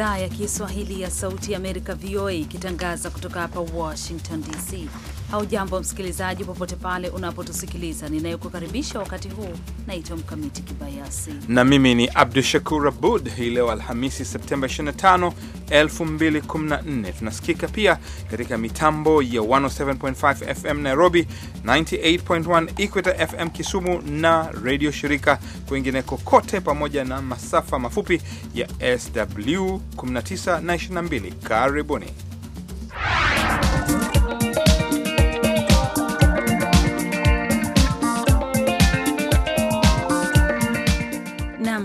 idhaa ya Kiswahili ya Sauti ya Amerika, VOA, ikitangaza kutoka hapa Washington DC. Haujambo msikilizaji, popote pale unapotusikiliza, ninayekukaribisha wakati huu naitwa Mkamiti Kibayasi na mimi ni Abdu Shakur Abud. Hii leo Alhamisi Septemba 25, 2014. Tunasikika pia katika mitambo ya 107.5 FM Nairobi, 98.1 Equator FM Kisumu na redio shirika kwingineko kote, pamoja na masafa mafupi ya SW 19 na 22. Karibuni.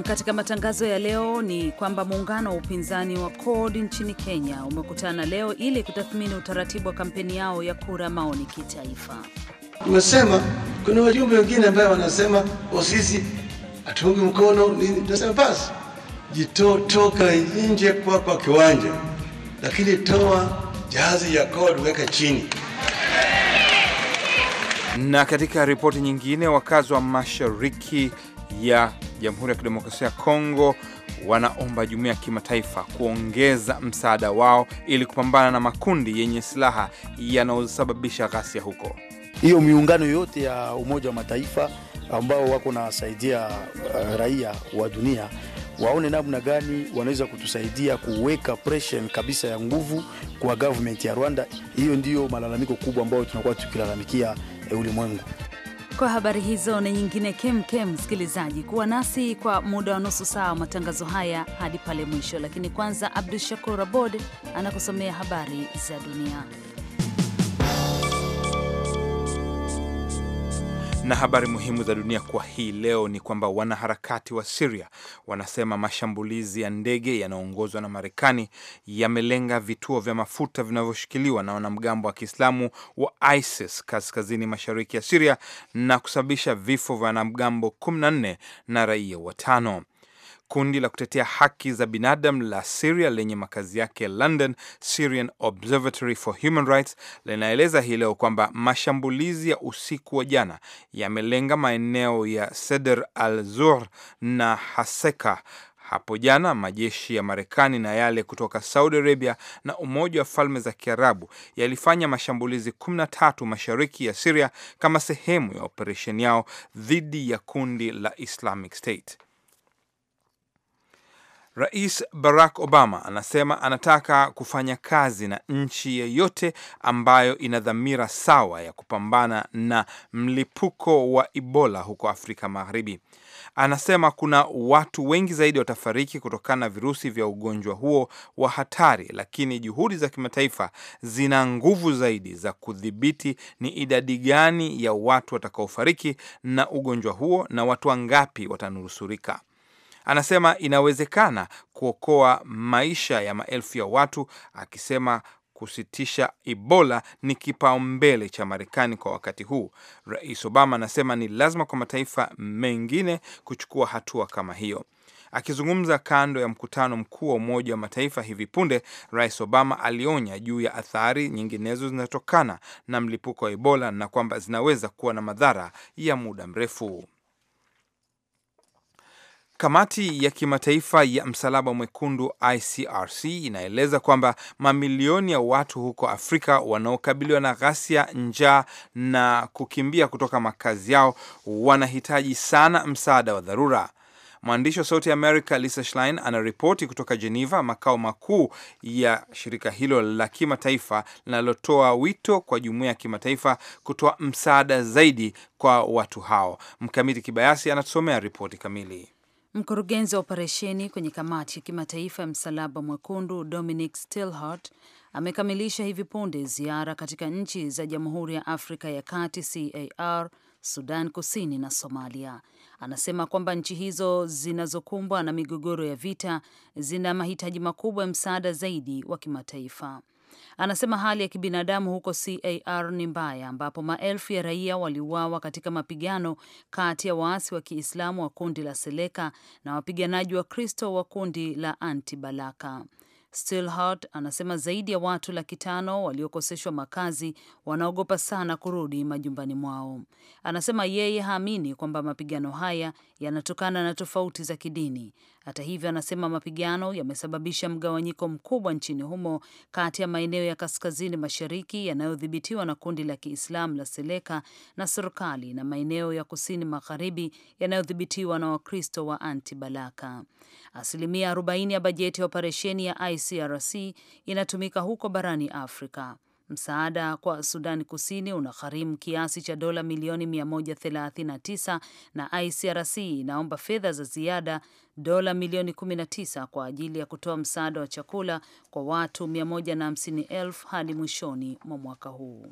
katika matangazo ya leo ni kwamba muungano wa upinzani wa CORD nchini Kenya umekutana leo ili kutathmini utaratibu wa kampeni yao ya kura maoni kitaifa. Umesema kuna wajumbe wengine ambaye wanasema oh, sisi hatuungi mkono nini, tunasema basi jitotoka toka nje kwa kwa kiwanja, lakini toa jahazi ya CORD weka chini. Na katika ripoti nyingine, wakazi wa mashariki ya Jamhuri ya Kidemokrasia ya Kongo wanaomba jumuiya ya kimataifa kuongeza msaada wao ili kupambana na makundi yenye silaha yanayosababisha ghasia huko. Hiyo miungano yote ya Umoja wa Mataifa ambao wako nawasaidia uh, raia wa dunia waone namna gani wanaweza kutusaidia kuweka pressure kabisa ya nguvu kwa government ya Rwanda. Hiyo ndiyo malalamiko kubwa ambayo tunakuwa tukilalamikia eh, ulimwengu. Kwa habari hizo na nyingine kemkem, msikilizaji, kuwa nasi kwa muda wa nusu saa wa matangazo haya hadi pale mwisho. Lakini kwanza, Abdu Shakur Abod anakusomea habari za dunia. Na habari muhimu za dunia kwa hii leo ni kwamba wanaharakati wa siria wanasema mashambulizi ya ndege yanayoongozwa na Marekani yamelenga vituo vya mafuta vinavyoshikiliwa na wanamgambo wa Kiislamu wa ISIS kaskazini mashariki ya siria na kusababisha vifo vya wanamgambo 14 na raia watano. Kundi la kutetea haki za binadamu la Syria lenye makazi yake London, Syrian Observatory for Human Rights, linaeleza hii leo kwamba mashambulizi ya usiku wa jana yamelenga maeneo ya Seder al-Zur na Haseka. Hapo jana majeshi ya Marekani na yale kutoka Saudi Arabia na Umoja wa Falme za Kiarabu yalifanya mashambulizi 13 mashariki ya Siria kama sehemu ya operesheni yao dhidi ya kundi la Islamic State. Rais Barack Obama anasema anataka kufanya kazi na nchi yeyote ambayo ina dhamira sawa ya kupambana na mlipuko wa Ebola huko Afrika Magharibi. Anasema kuna watu wengi zaidi watafariki kutokana na virusi vya ugonjwa huo wa hatari, lakini juhudi za kimataifa zina nguvu zaidi za kudhibiti ni idadi gani ya watu watakaofariki na ugonjwa huo na watu wangapi watanusurika. Anasema inawezekana kuokoa maisha ya maelfu ya watu, akisema kusitisha Ebola ni kipaumbele cha Marekani kwa wakati huu. Rais Obama anasema ni lazima kwa mataifa mengine kuchukua hatua kama hiyo. Akizungumza kando ya mkutano mkuu wa Umoja wa Mataifa hivi punde, Rais Obama alionya juu ya athari nyinginezo zinazotokana na mlipuko wa Ebola na kwamba zinaweza kuwa na madhara ya muda mrefu. Kamati ya kimataifa ya msalaba mwekundu ICRC inaeleza kwamba mamilioni ya watu huko Afrika wanaokabiliwa na ghasia, njaa na kukimbia kutoka makazi yao wanahitaji sana msaada wa dharura. Mwandishi wa Sauti ya Amerika Lisa Schlein anaripoti kutoka Geneva, makao makuu ya shirika hilo la kimataifa linalotoa wito kwa jumuiya ya kimataifa kutoa msaada zaidi kwa watu hao. Mkamiti Kibayasi anatusomea ripoti kamili. Mkurugenzi wa operesheni kwenye kamati ya kimataifa ya msalaba mwekundu Dominic Stilhart amekamilisha hivi punde ziara katika nchi za Jamhuri ya Afrika ya Kati CAR, Sudan Kusini na Somalia. Anasema kwamba nchi hizo zinazokumbwa na migogoro ya vita zina mahitaji makubwa ya msaada zaidi wa kimataifa. Anasema hali ya kibinadamu huko CAR ni mbaya, ambapo maelfu ya raia waliuawa katika mapigano kati ya waasi wa Kiislamu wa kundi la Seleka na wapiganaji wa Kristo wa kundi la antibalaka stilhart Stillhart anasema zaidi ya watu laki tano waliokoseshwa makazi wanaogopa sana kurudi majumbani mwao. Anasema yeye haamini kwamba mapigano haya yanatokana na tofauti za kidini, hata hivyo, anasema mapigano yamesababisha mgawanyiko mkubwa nchini humo kati ya maeneo ya kaskazini mashariki yanayodhibitiwa na kundi la Kiislamu la Seleka na serikali na maeneo ya kusini magharibi yanayodhibitiwa na Wakristo wa Antibalaka. Asilimia 40 ya bajeti ya operesheni ya ICRC inatumika huko barani Afrika. Msaada kwa Sudani Kusini unagharimu kiasi cha dola milioni 139 na ICRC inaomba fedha za ziada dola milioni 19 kwa ajili ya kutoa msaada wa chakula kwa watu 150,000 hadi mwishoni mwa mwaka huu.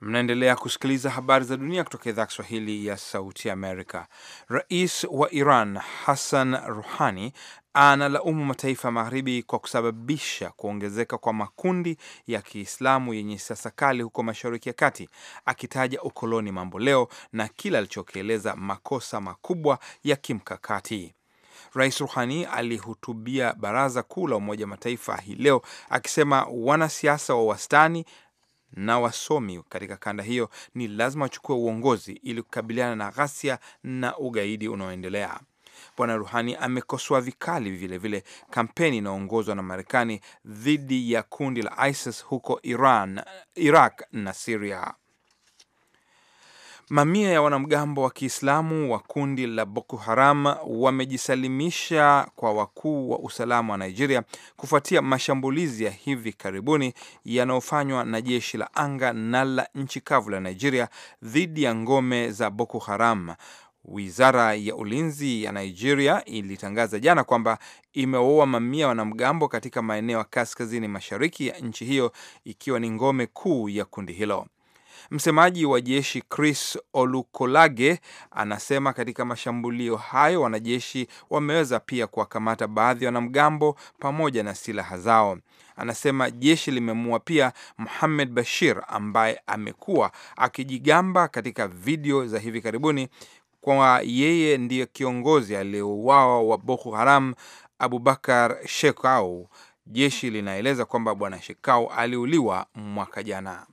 Mnaendelea kusikiliza habari za dunia kutoka idhaa Kiswahili ya sauti Amerika. Rais wa Iran Hassan Ruhani analaumu mataifa ya magharibi kwa kusababisha kuongezeka kwa makundi ya Kiislamu yenye siasa kali huko Mashariki ya Kati, akitaja ukoloni mambo leo na kile alichokieleza makosa makubwa ya kimkakati. Rais Ruhani alihutubia Baraza Kuu la Umoja Mataifa hii leo akisema wanasiasa wa wastani na wasomi katika kanda hiyo ni lazima wachukue uongozi ili kukabiliana na ghasia na ugaidi unaoendelea. Bwana Ruhani amekosoa vikali vilevile vile kampeni inayoongozwa na Marekani dhidi ya kundi la ISIS huko Iran, Iraq na Siria. Mamia ya wanamgambo wa Kiislamu wa kundi la Boko Haram wamejisalimisha kwa wakuu wa usalama wa Nigeria kufuatia mashambulizi ya hivi karibuni yanayofanywa na jeshi la anga na la nchi kavu la Nigeria dhidi ya ngome za Boko Haram. Wizara ya ulinzi ya Nigeria ilitangaza jana kwamba imewaua mamia wanamgambo katika maeneo ya kaskazini mashariki ya nchi hiyo, ikiwa ni ngome kuu ya kundi hilo. Msemaji wa jeshi Chris Olukolage anasema katika mashambulio hayo wanajeshi wameweza pia kuwakamata baadhi ya wanamgambo pamoja na silaha zao. Anasema jeshi limemua pia Muhamed Bashir ambaye amekuwa akijigamba katika video za hivi karibuni kwa yeye ndiye kiongozi aliyeuawa wa Boko Haram, Abubakar Shekau. Jeshi linaeleza kwamba bwana Shekau aliuliwa mwaka jana.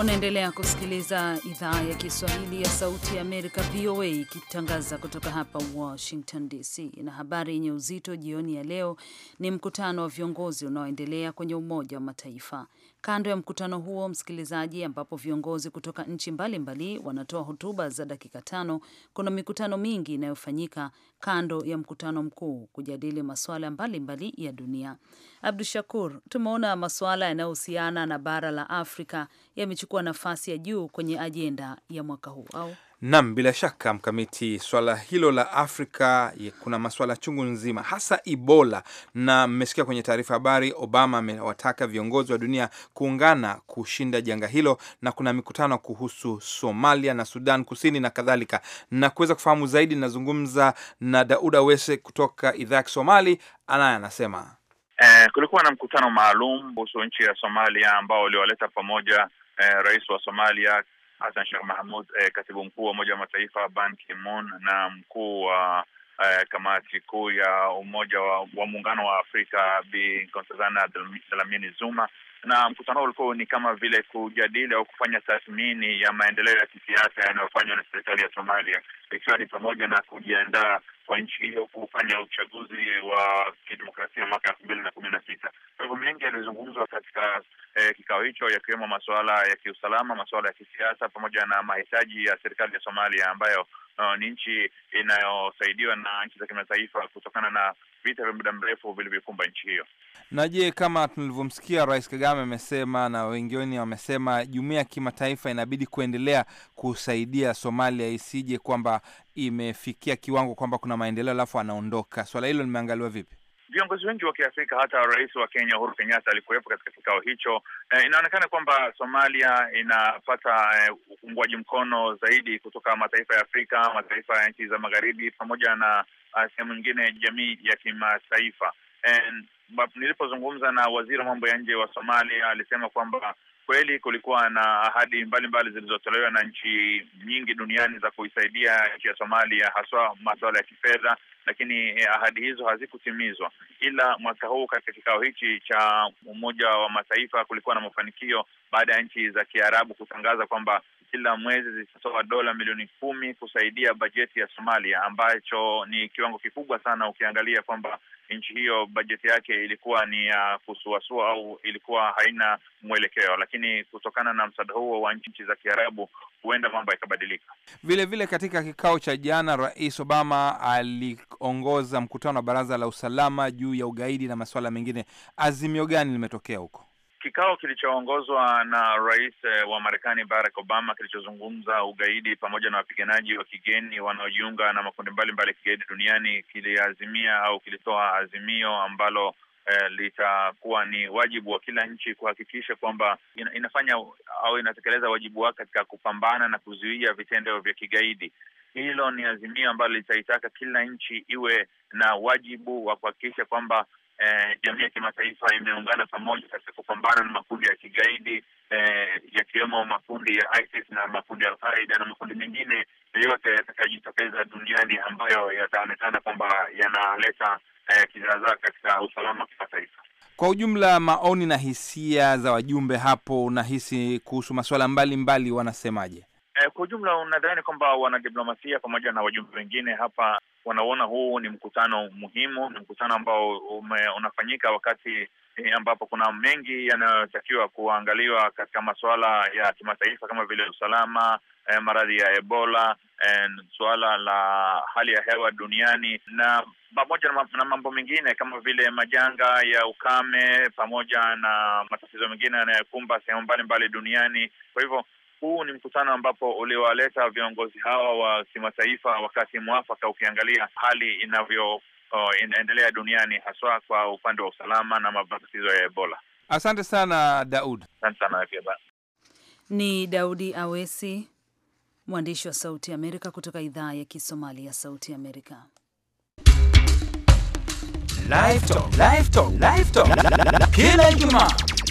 Unaendelea kusikiliza idhaa ya Kiswahili ya Sauti ya Amerika, VOA, ikitangaza kutoka hapa Washington DC. Na habari yenye uzito jioni ya leo ni mkutano wa viongozi unaoendelea kwenye Umoja wa Mataifa kando ya mkutano huo, msikilizaji, ambapo viongozi kutoka nchi mbalimbali wanatoa hotuba za dakika tano, kuna mikutano mingi inayofanyika kando ya mkutano mkuu kujadili masuala mbalimbali ya dunia. Abdu Shakur, tumeona masuala yanayohusiana na bara la Afrika yamechukua nafasi ya juu kwenye ajenda ya mwaka huu au Nam, bila shaka mkamiti, swala hilo la Afrika kuna maswala chungu nzima, hasa Ebola. Na mmesikia kwenye taarifa habari, Obama amewataka viongozi wa dunia kuungana kushinda janga hilo, na kuna mikutano kuhusu Somalia na Sudan Kusini na kadhalika. Na kuweza kufahamu zaidi, nazungumza na Dauda Wese kutoka idhaa ya Kisomali, anaye anasema eh, kulikuwa na mkutano maalum kuhusu nchi ya Somalia ambao uliowaleta pamoja Eh, rais wa Somalia Hassan Sheikh Mahmud, eh, katibu mkuu wa Umoja wa Mataifa Ban Ki-moon na mkuu wa eh, kamati kuu ya Umoja wa, wa Muungano wa Afrika Bi Nkosazana Dlamini Zuma na mkutano huo ulikuwa ni kama vile kujadili au kufanya tathmini ya maendeleo ya kisiasa yanayofanywa na serikali ya Somalia, ikiwa ni pamoja na kujiandaa kwa nchi hiyo kufanya uchaguzi wa kidemokrasia mwaka elfu mbili na kumi na sita. Kwa hivyo mengi yalizungumzwa katika eh, kikao hicho, yakiwemo masuala ya kiusalama, masuala ya kisiasa, pamoja na mahitaji ya serikali ya Somalia ambayo uh, ni nchi inayosaidiwa na nchi za kimataifa kutokana na vita vya muda mrefu vilivyokumba nchi hiyo. Na je, kama tulivyomsikia Rais Kagame amesema na wengine wamesema, jumuiya ya kimataifa inabidi kuendelea kusaidia Somalia isije kwamba imefikia kiwango kwamba kuna maendeleo alafu anaondoka. Swala hilo limeangaliwa vipi? viongozi wengi wa Kiafrika, hata rais wa Kenya Uhuru Kenyatta alikuwepo katika kikao hicho. Eh, inaonekana kwamba Somalia inapata eh, uungwaji mkono zaidi kutoka mataifa ya Afrika, mataifa ya nchi za magharibi, pamoja na ah, sehemu nyingine jamii ya kimataifa. Nilipozungumza na waziri wa mambo ya nje wa Somalia alisema kwamba Kweli kulikuwa na ahadi mbalimbali zilizotolewa na nchi nyingi duniani za kuisaidia nchi ya Somalia, haswa masuala ya kifedha, lakini eh, ahadi hizo hazikutimizwa. Ila mwaka huu katika kikao hichi cha Umoja wa Mataifa kulikuwa na mafanikio baada ya nchi za Kiarabu kutangaza kwamba kila mwezi zitatoa dola milioni kumi kusaidia bajeti ya Somalia, ambacho ni kiwango kikubwa sana ukiangalia kwamba nchi hiyo bajeti yake ilikuwa ni ya uh, kusuasua au ilikuwa haina mwelekeo, lakini kutokana na msaada huo wa nchi za Kiarabu huenda mambo yakabadilika. Vile vile, katika kikao cha jana, Rais Obama aliongoza mkutano wa Baraza la Usalama juu ya ugaidi na masuala mengine. Azimio gani limetokea huko? Kikao kilichoongozwa na rais eh, wa Marekani Barack Obama kilichozungumza ugaidi pamoja na wapiganaji wa kigeni wanaojiunga na makundi mbalimbali ya kigaidi duniani kiliazimia au kilitoa azimio ambalo eh, litakuwa ni wajibu wa kila nchi kuhakikisha kwamba ina, inafanya au inatekeleza wajibu wake katika kupambana na kuzuia vitendo vya kigaidi. Hilo ni azimio ambalo litaitaka kila nchi iwe na wajibu wa kuhakikisha kwamba eh, jamii ya kimataifa imeungana pamoja katika kupambana na makundi ya kigaidi eh, yakiwemo makundi ya ISIS na makundi ya Alqaida na makundi mengine yoyote yatakayojitokeza duniani ambayo yataonekana kwamba yanaleta eh, kizaazaa katika usalama wa kimataifa. Kwa ujumla, maoni na hisia za wajumbe hapo, unahisi kuhusu masuala mbalimbali wanasemaje? Eh, kwa ujumla unadhani kwamba wanadiplomasia pamoja na wajumbe wengine hapa wanauona huu ni mkutano muhimu, ni mkutano ambao ume, unafanyika wakati eh, ambapo kuna mengi yanayotakiwa kuangaliwa katika masuala ya kimataifa kama vile usalama, eh, maradhi ya Ebola, eh, suala la hali ya hewa duniani na pamoja na mambo mengine kama vile majanga ya ukame pamoja na matatizo mengine yanayokumba sehemu mbalimbali duniani. Kwa hivyo huu ni mkutano ambapo uliwaleta viongozi hawa wa kimataifa wakati mwafaka, ukiangalia hali inavyoendelea uh, duniani haswa kwa upande wa usalama na matatizo ya Ebola. Asante sana Daud. Asante sana pia ni Daudi Awesi, mwandishi wa Sauti Amerika kutoka idhaa ya Kisomali ya Sauti Amerika. Live Talk, Live Talk, Live Talk kila Ijumaa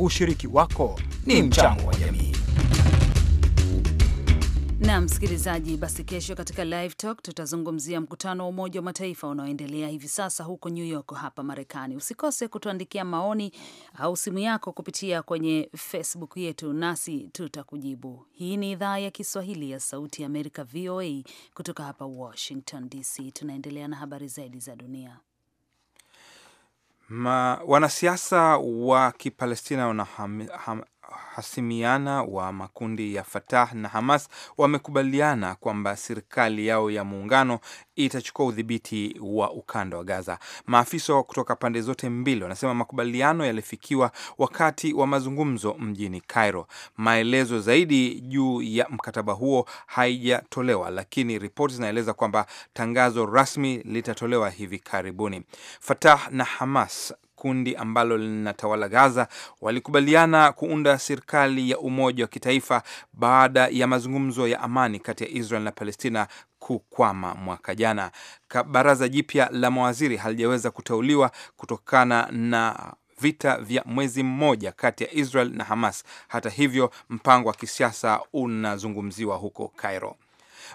Ushiriki wako ni hmm, mchango wa jamii. Na msikilizaji, basi kesho katika Live Talk tutazungumzia mkutano wa Umoja wa Mataifa unaoendelea hivi sasa huko New York hapa Marekani. Usikose kutuandikia maoni au simu yako kupitia kwenye Facebook yetu, nasi tutakujibu. Hii ni idhaa ya Kiswahili ya Sauti ya Amerika, VOA, kutoka hapa Washington DC. Tunaendelea na habari zaidi za dunia. Ma, wanasiasa wa Kipalestina wanaham, ham, hasimiana wa makundi ya Fatah na Hamas wamekubaliana kwamba serikali yao ya muungano itachukua udhibiti wa ukanda wa Gaza. Maafisa kutoka pande zote mbili wanasema makubaliano yalifikiwa wakati wa mazungumzo mjini Cairo. Maelezo zaidi juu ya mkataba huo haijatolewa, lakini ripoti zinaeleza kwamba tangazo rasmi litatolewa hivi karibuni. Fatah na Hamas kundi ambalo linatawala Gaza walikubaliana kuunda serikali ya umoja wa kitaifa baada ya mazungumzo ya amani kati ya Israel na Palestina kukwama mwaka jana. Baraza jipya la mawaziri halijaweza kuteuliwa kutokana na vita vya mwezi mmoja kati ya Israel na Hamas. Hata hivyo, mpango wa kisiasa unazungumziwa huko Cairo.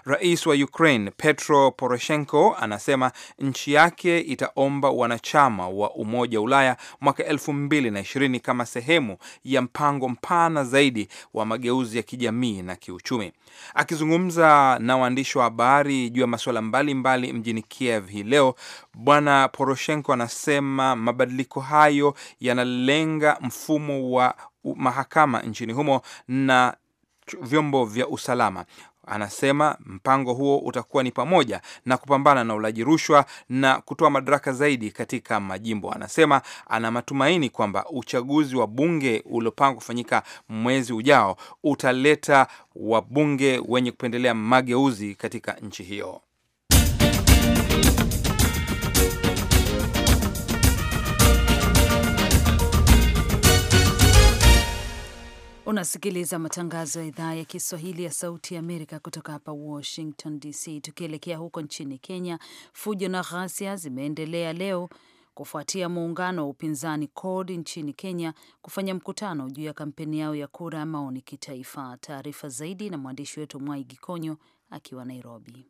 Rais wa Ukraine Petro Poroshenko anasema nchi yake itaomba wanachama wa Umoja wa Ulaya mwaka elfu mbili na ishirini kama sehemu ya mpango mpana zaidi wa mageuzi ya kijamii na kiuchumi. Akizungumza na waandishi wa habari juu ya masuala mbalimbali mjini Kiev hii leo, Bwana Poroshenko anasema mabadiliko hayo yanalenga mfumo wa mahakama nchini humo na vyombo vya usalama Anasema mpango huo utakuwa ni pamoja na kupambana na ulaji rushwa na kutoa madaraka zaidi katika majimbo. Anasema ana matumaini kwamba uchaguzi wa bunge uliopangwa kufanyika mwezi ujao utaleta wabunge wenye kupendelea mageuzi katika nchi hiyo. Unasikiliza matangazo ya idhaa ya Kiswahili ya Sauti ya Amerika kutoka hapa Washington DC. Tukielekea huko nchini Kenya, fujo na ghasia zimeendelea leo kufuatia muungano wa upinzani CORD nchini Kenya kufanya mkutano juu ya kampeni yao ya kura ya maoni kitaifa. Taarifa zaidi na mwandishi wetu Mwai Gikonyo akiwa Nairobi.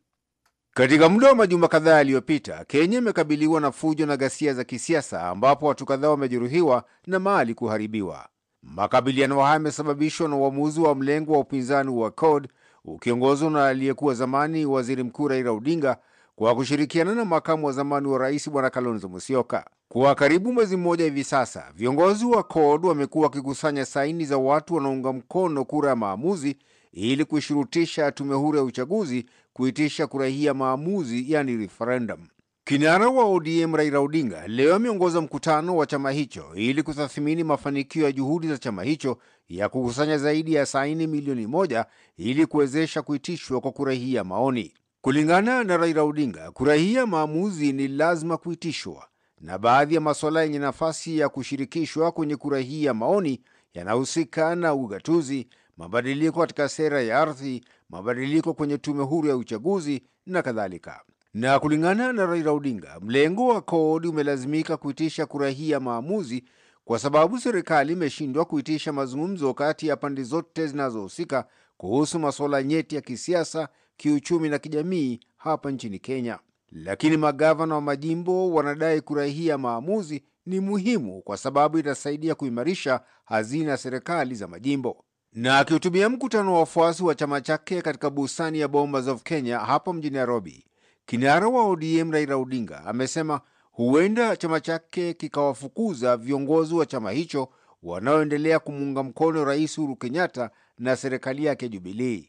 Katika muda wa majuma kadhaa yaliyopita, Kenya imekabiliwa na fujo na ghasia za kisiasa, ambapo watu kadhaa wamejeruhiwa na mali kuharibiwa. Makabiliano haya yamesababishwa na uamuzi wa mlengo wa upinzani wa CORD ukiongozwa na aliyekuwa zamani waziri mkuu Raila Odinga kwa kushirikiana na makamu wa zamani wa rais bwana Kalonzo Musyoka. Kwa karibu mwezi mmoja hivi sasa, viongozi wa CORD wamekuwa wakikusanya saini za watu wanaunga mkono kura ya maamuzi ili kuishurutisha tume huru ya uchaguzi kuitisha kura hii ya maamuzi, yani referendum. Kinara wa ODM Raila Odinga leo ameongoza mkutano wa chama hicho ili kutathmini mafanikio ya juhudi za chama hicho ya kukusanya zaidi ya saini milioni moja ili kuwezesha kuitishwa kwa kura hii ya maoni. Kulingana na Raila Odinga, kura hii ya maamuzi ni lazima kuitishwa, na baadhi ya masuala yenye nafasi ya kushirikishwa kwenye kura hii ya maoni yanahusika na ugatuzi, mabadiliko katika sera ya ardhi, mabadiliko kwenye tume huru ya uchaguzi na kadhalika. Na kulingana na Raila Odinga, mlengo wa CORD umelazimika kuitisha kura hii ya maamuzi kwa sababu serikali imeshindwa kuitisha mazungumzo kati ya pande zote zinazohusika kuhusu masuala nyeti ya kisiasa, kiuchumi na kijamii hapa nchini Kenya. Lakini magavana wa majimbo wanadai kura hii ya maamuzi ni muhimu kwa sababu itasaidia kuimarisha hazina ya serikali za majimbo. Na akihutubia mkutano wa wafuasi wa chama chake katika bustani ya Bomas of Kenya hapa mjini Nairobi, Kinara wa ODM Raila Odinga amesema huenda chama chake kikawafukuza viongozi wa chama hicho wanaoendelea kumuunga mkono Rais Uhuru Kenyatta na serikali yake Jubilii.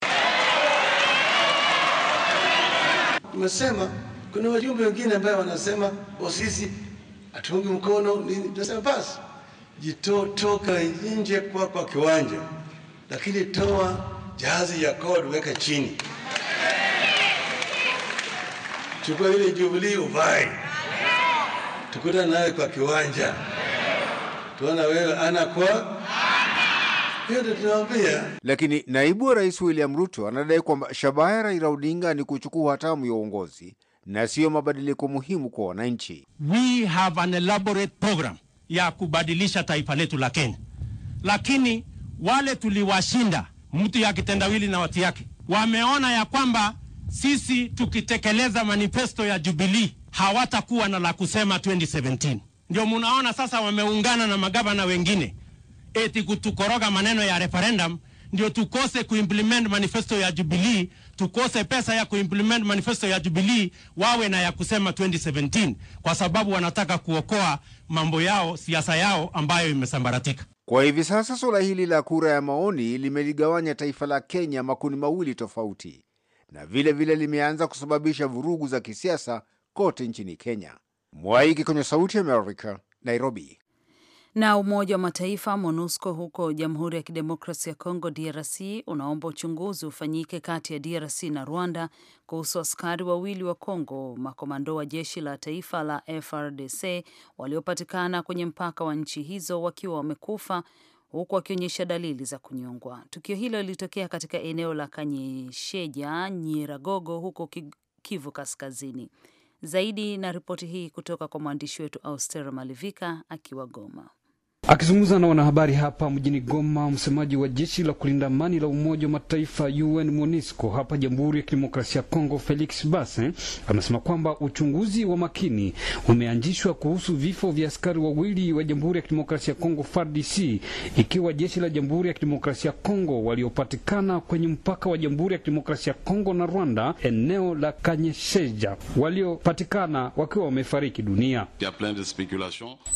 Tumesema kuna wajumbe wengine ambaye wanasema oh, sisi hatuungi mkono nini. Tunasema basi jito, toka nje kwa kwa kiwanja, lakini toa jahazi kod weka chini chukua ile Jubilee uvae, tukutane naye kwa kiwanja, tuona wewe ana kwa lakini naibu wa rais William Ruto anadai kwamba shabaha ya Raila Odinga ni kuchukua hatamu ya uongozi na siyo mabadiliko muhimu kwa wananchi. We have an elaborate program ya kubadilisha taifa letu la Kenya, lakini wale tuliwashinda mtu ya kitendawili na watu yake wameona ya kwamba sisi tukitekeleza manifesto ya Jubilee hawatakuwa na la kusema 2017. Ndio munaona sasa wameungana na magavana wengine eti kutukoroga maneno ya referendum ndio tukose kuimplement manifesto ya Jubilee, tukose pesa ya kuimplement manifesto ya Jubilee, wawe na ya kusema 2017 kwa sababu wanataka kuokoa mambo yao, siasa yao ambayo imesambaratika. Kwa hivi sasa, suala hili la kura ya maoni limeligawanya taifa la Kenya makundi mawili tofauti na vile vile limeanza kusababisha vurugu za kisiasa kote nchini Kenya. Mwaiki kwenye Sauti ya Amerika, Nairobi. Na Umoja wa Mataifa MONUSCO huko Jamhuri ya Kidemokrasi ya Kongo DRC unaomba uchunguzi ufanyike kati ya DRC na Rwanda kuhusu askari wawili wa Kongo, makomando wa jeshi la taifa la FRDC waliopatikana kwenye mpaka wa nchi hizo wakiwa wamekufa huku akionyesha dalili za kunyongwa. Tukio hilo lilitokea katika eneo la Kanyesheja, Nyiragogo, huko Kivu Kaskazini. Zaidi na ripoti hii kutoka kwa mwandishi wetu Austera Malivika akiwa Goma. Akizungumza na wanahabari hapa mjini Goma, msemaji wa jeshi la kulinda amani la Umoja wa Mataifa UN MONUSCO hapa Jamhuri ya Kidemokrasia ya Kongo, Felix Basse amesema kwamba uchunguzi wa makini umeanzishwa kuhusu vifo vya askari wawili wa, wa Jamhuri ya Kidemokrasia ya Kongo FARDC, ikiwa jeshi la Jamhuri ya Kidemokrasia ya Kongo waliopatikana kwenye mpaka wa Jamhuri ya Kidemokrasia ya Kongo na Rwanda, eneo la Kanyesheja, waliopatikana wakiwa wamefariki dunia.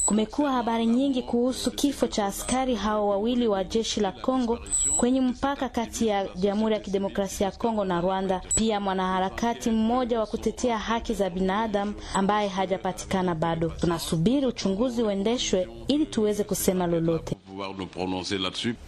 Kumekuwa habari nyingi kuhusu kuhusu kifo cha askari hao wawili wa jeshi la Kongo kwenye mpaka kati ya Jamhuri ya Kidemokrasia ya Kongo na Rwanda. Pia mwanaharakati mmoja wa kutetea haki za binadamu ambaye hajapatikana bado. Tunasubiri uchunguzi uendeshwe ili tuweze kusema lolote.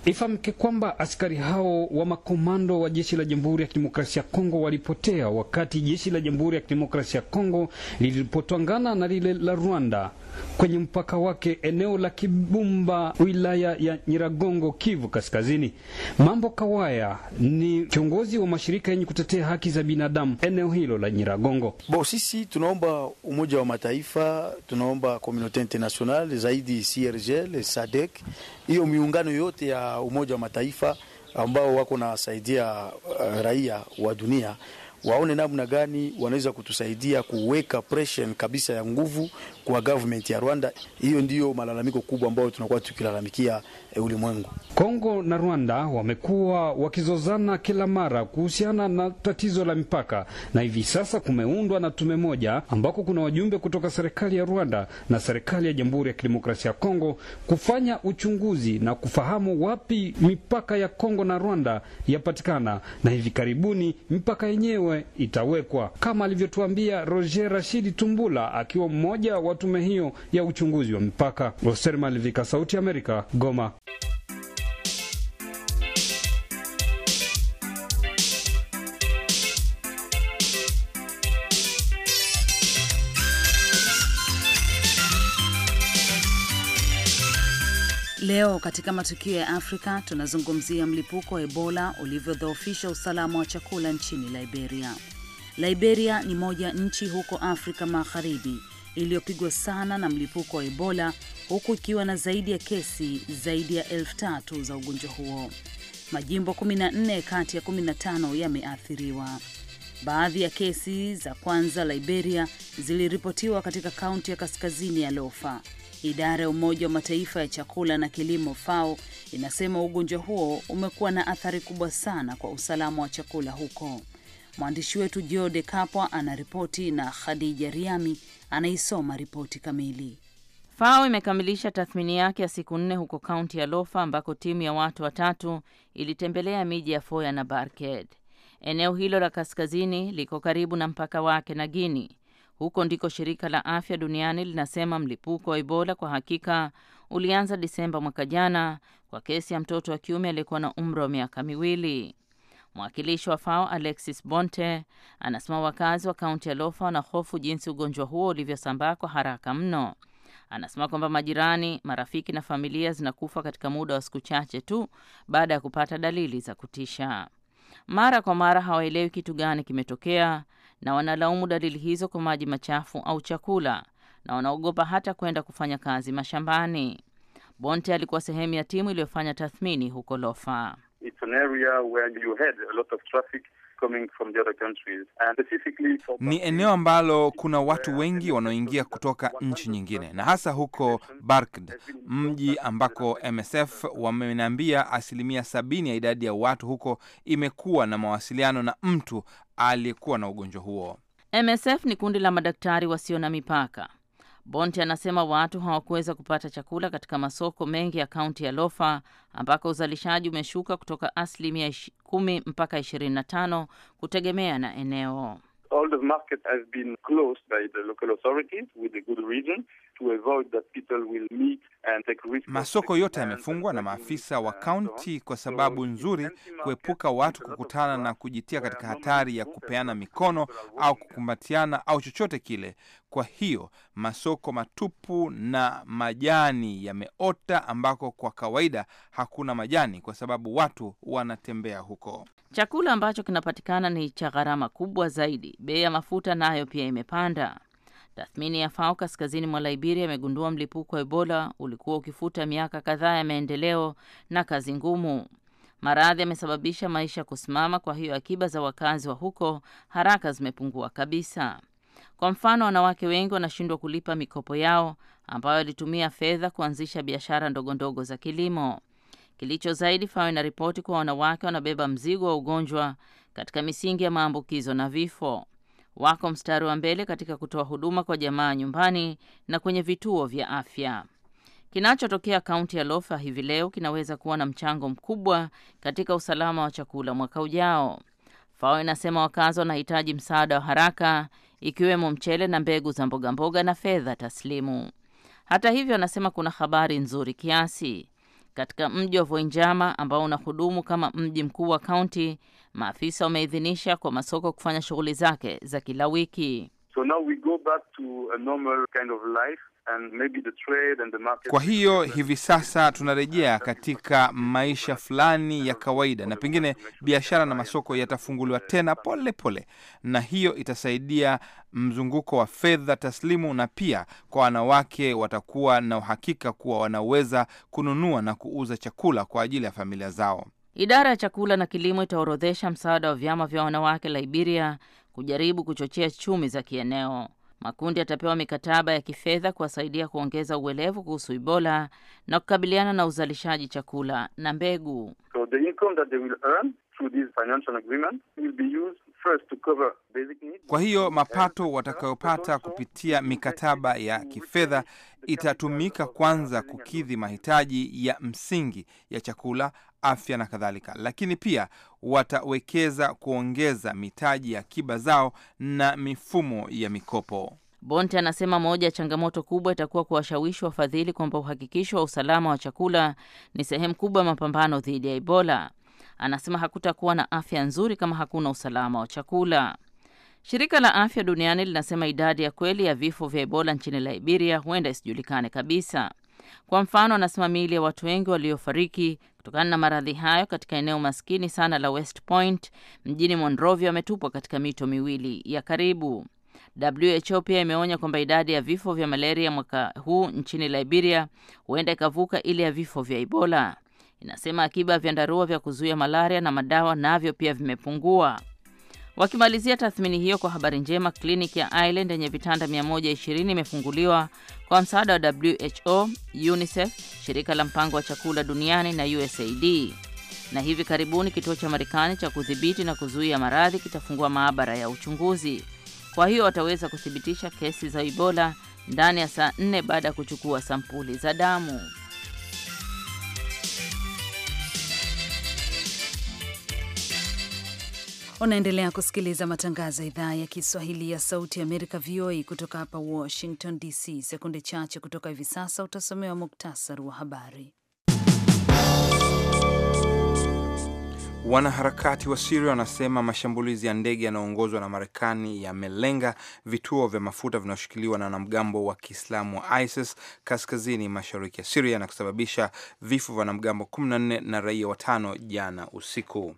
Ifahamike kwamba askari hao wa makomando wa jeshi la Jamhuri ya Kidemokrasia ya Kongo walipotea wakati jeshi la Jamhuri ya Kidemokrasia ya Kongo lilipotwangana na lile la Rwanda kwenye mpaka wake eneo la Kibumba, wilaya ya Nyiragongo, Kivu Kaskazini. Mambo Kawaya ni kiongozi wa mashirika yenye kutetea haki za binadamu eneo hilo la Nyiragongo. Bo, sisi tunaomba Umoja wa Mataifa, tunaomba komunote international zaidi CIRGL, SADC, e hiyo miungano yote ya Umoja wa Mataifa ambao wako nasaidia uh, raia wa dunia waone namna gani wanaweza kutusaidia kuweka pressure kabisa ya nguvu kwa government ya Rwanda. Hiyo ndiyo malalamiko kubwa ambayo tunakuwa tukilalamikia eh, ulimwengu. Kongo na Rwanda wamekuwa wakizozana kila mara kuhusiana na tatizo la mipaka, na hivi sasa kumeundwa na tume moja ambako kuna wajumbe kutoka serikali ya Rwanda na serikali ya Jamhuri ya Kidemokrasia ya Kongo kufanya uchunguzi na kufahamu wapi mipaka ya Kongo na Rwanda yapatikana, na hivi karibuni mipaka yenyewe yenyewe itawekwa kama alivyotuambia Roger Rashidi Tumbula akiwa mmoja wa tume hiyo ya uchunguzi wa mipaka. Oser Malivika, Sauti ya Amerika, Goma. Leo katika matukio ya Afrika tunazungumzia mlipuko wa Ebola ulivyodhoofisha usalama wa chakula nchini Liberia. Liberia ni moja nchi huko Afrika Magharibi iliyopigwa sana na mlipuko wa Ebola huku ikiwa na zaidi ya kesi zaidi ya elfu tatu za ugonjwa huo. Majimbo 14 kati ya 15 yameathiriwa. Baadhi ya kesi za kwanza Liberia ziliripotiwa katika kaunti ya kaskazini ya Lofa. Idara ya Umoja wa Mataifa ya chakula na kilimo FAO inasema ugonjwa huo umekuwa na athari kubwa sana kwa usalama wa chakula huko. Mwandishi wetu Jode Kapwa anaripoti na Khadija Riami anaisoma ripoti kamili. FAO imekamilisha tathmini yake ya siku nne huko kaunti ya Lofa ambako timu ya watu watatu ilitembelea miji ya Foya na Barked. Eneo hilo la kaskazini liko karibu na mpaka wake na Guini huko ndiko shirika la afya duniani linasema mlipuko wa Ebola kwa hakika ulianza Disemba mwaka jana kwa kesi ya mtoto wa kiume aliyekuwa na umri wa miaka miwili. Mwakilishi wa FAO Alexis Bonte anasema wakazi wa kaunti ya Lofa wanahofu jinsi ugonjwa huo ulivyosambaa kwa haraka mno. Anasema kwamba majirani, marafiki na familia zinakufa katika muda wa siku chache tu baada ya kupata dalili za kutisha. Mara kwa mara hawaelewi kitu gani kimetokea na wanalaumu dalili hizo kwa maji machafu au chakula na wanaogopa hata kwenda kufanya kazi mashambani. Bonte alikuwa sehemu ya timu iliyofanya tathmini huko Lofa. Ni eneo ambalo kuna watu wengi wanaoingia kutoka nchi nyingine na hasa huko Barkd, mji ambako MSF wameniambia asilimia sabini ya idadi ya watu huko imekuwa na mawasiliano na mtu aliyekuwa na ugonjwa huo. MSF ni kundi la madaktari wasio na mipaka. Bonte anasema watu hawakuweza kupata chakula katika masoko mengi ya kaunti ya Lofa ambako uzalishaji umeshuka kutoka asilimia kumi mpaka 25 kutegemea na eneo. All the market has been closed by the local authorities with a good reason. Masoko yote yamefungwa na maafisa wa kaunti uh, kwa sababu nzuri, kuepuka watu kukutana na kujitia katika hatari ya kupeana mikono au kukumbatiana au chochote kile. Kwa hiyo masoko matupu na majani yameota, ambako kwa kawaida hakuna majani kwa sababu watu wanatembea huko. Chakula ambacho kinapatikana ni cha gharama kubwa zaidi. Bei ya mafuta nayo pia imepanda. Tathmini ya FAO kaskazini mwa Liberia imegundua mlipuko wa Ebola ulikuwa ukifuta miaka kadhaa ya maendeleo na kazi ngumu. Maradhi yamesababisha maisha kusimama, kwa hiyo akiba za wakazi wa huko haraka zimepungua kabisa. Kwa mfano, wanawake wengi wanashindwa kulipa mikopo yao ambayo walitumia fedha kuanzisha biashara ndogondogo za kilimo. Kilicho zaidi, FAO inaripoti kuwa wanawake wanabeba mzigo wa ugonjwa katika misingi ya maambukizo na vifo wako mstari wa mbele katika kutoa huduma kwa jamaa nyumbani na kwenye vituo vya afya. Kinachotokea kaunti ya Lofa hivi leo kinaweza kuwa na mchango mkubwa katika usalama wa chakula mwaka ujao. FAO inasema wakazi wanahitaji msaada wa haraka ikiwemo mchele na mbegu za mbogamboga na fedha taslimu. Hata hivyo, anasema kuna habari nzuri kiasi. Katika mji wa Voinjama ambao unahudumu kama mji mkuu wa kaunti, maafisa wameidhinisha kwa masoko kufanya shughuli zake za kila wiki. So now we go back to a normal kind of life. And maybe the trade and the market. Kwa hiyo hivi sasa tunarejea katika maisha fulani ya kawaida, na pengine biashara na masoko yatafunguliwa tena pole pole, na hiyo itasaidia mzunguko wa fedha taslimu, na pia kwa wanawake watakuwa na uhakika kuwa wanaweza kununua na kuuza chakula kwa ajili ya familia zao. Idara ya chakula na kilimo itaorodhesha msaada wa vyama vya wanawake Liberia kujaribu kuchochea chumi za kieneo. Makundi yatapewa mikataba ya kifedha kuwasaidia kuongeza uelevu kuhusu Ebola na kukabiliana na uzalishaji chakula na mbegu. So the income that they will earn through this financial agreement will be used first to cover basic needs. Kwa hiyo mapato watakayopata kupitia mikataba ya kifedha itatumika kwanza kukidhi mahitaji ya msingi ya chakula afya na kadhalika, lakini pia watawekeza kuongeza mitaji ya akiba zao na mifumo ya mikopo. Bonte anasema moja ya changamoto kubwa itakuwa kuwashawishi wafadhili kwamba uhakikisho wa usalama wa chakula ni sehemu kubwa ya mapambano dhidi ya Ebola. Anasema hakutakuwa na afya nzuri kama hakuna usalama wa chakula. Shirika la afya duniani linasema idadi ya kweli ya vifo vya Ebola nchini Liberia huenda isijulikane kabisa. Kwa mfano, anasema miili ya watu wengi waliofariki kutokana na maradhi hayo katika eneo maskini sana la West Point mjini Monrovia wametupwa katika mito miwili ya karibu. WHO pia imeonya kwamba idadi ya vifo vya malaria mwaka huu nchini Liberia huenda ikavuka ile ya vifo vya Ebola. Inasema akiba ya vyandarua vya kuzuia malaria na madawa navyo pia vimepungua. Wakimalizia tathmini hiyo kwa habari njema, kliniki ya Ireland yenye vitanda 120 imefunguliwa kwa msaada wa WHO, UNICEF, shirika la mpango wa chakula duniani na USAID. Na hivi karibuni kituo cha Marekani cha kudhibiti na kuzuia maradhi kitafungua maabara ya uchunguzi. Kwa hiyo wataweza kuthibitisha kesi za Ebola ndani ya saa nne baada ya kuchukua sampuli za damu. Unaendelea kusikiliza matangazo ya idhaa ya Kiswahili ya Sauti ya Amerika, VOA, kutoka hapa Washington DC. Sekunde chache kutoka hivi sasa utasomewa muktasari wa habari. Wanaharakati wa Siria wanasema mashambulizi ya ndege yanayoongozwa na Marekani yamelenga vituo vya mafuta vinaoshikiliwa na wanamgambo wa Kiislamu wa ISIS kaskazini mashariki ya Siria na kusababisha vifo vya wanamgambo 14 na raia watano jana usiku.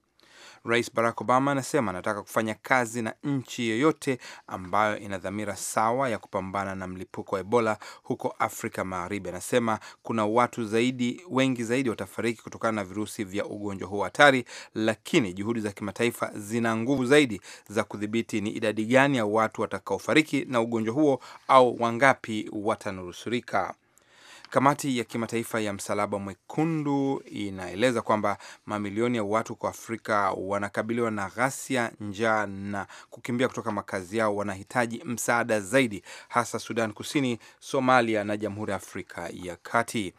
Rais Barack Obama anasema anataka kufanya kazi na nchi yoyote ambayo ina dhamira sawa ya kupambana na mlipuko wa Ebola huko Afrika Magharibi. Anasema kuna watu zaidi wengi zaidi watafariki kutokana na virusi vya ugonjwa huo hatari, lakini juhudi za kimataifa zina nguvu zaidi za kudhibiti ni idadi gani ya watu watakaofariki na ugonjwa huo au wangapi watanusurika. Kamati ya kimataifa ya Msalaba Mwekundu inaeleza kwamba mamilioni ya watu kwa Afrika wanakabiliwa na ghasia, njaa na kukimbia kutoka makazi yao. Wanahitaji msaada zaidi, hasa Sudan Kusini, Somalia na Jamhuri ya Afrika ya Kati.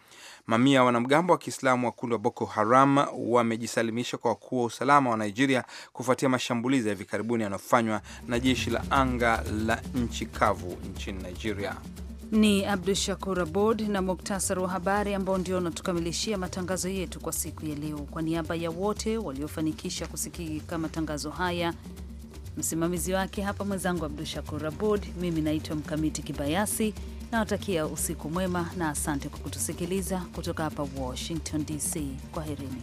Mamia wanamgambo wa Kiislamu wa kundi wa Boko Haram wamejisalimisha kwa wakuu wa usalama wa Nigeria kufuatia mashambulizi ya hivi karibuni yanayofanywa na jeshi la anga la nchi kavu nchini Nigeria. Ni Abdu Shakur Abod na muktasari wa habari ambao ndio unatukamilishia matangazo yetu kwa siku ya leo. Kwa niaba ya wote waliofanikisha kusikika matangazo haya, msimamizi wake hapa mwenzangu Abdu Shakur Abod, mimi naitwa Mkamiti Kibayasi. Nawatakia usiku mwema na asante kwa kutusikiliza kutoka hapa Washington DC. Kwaherini.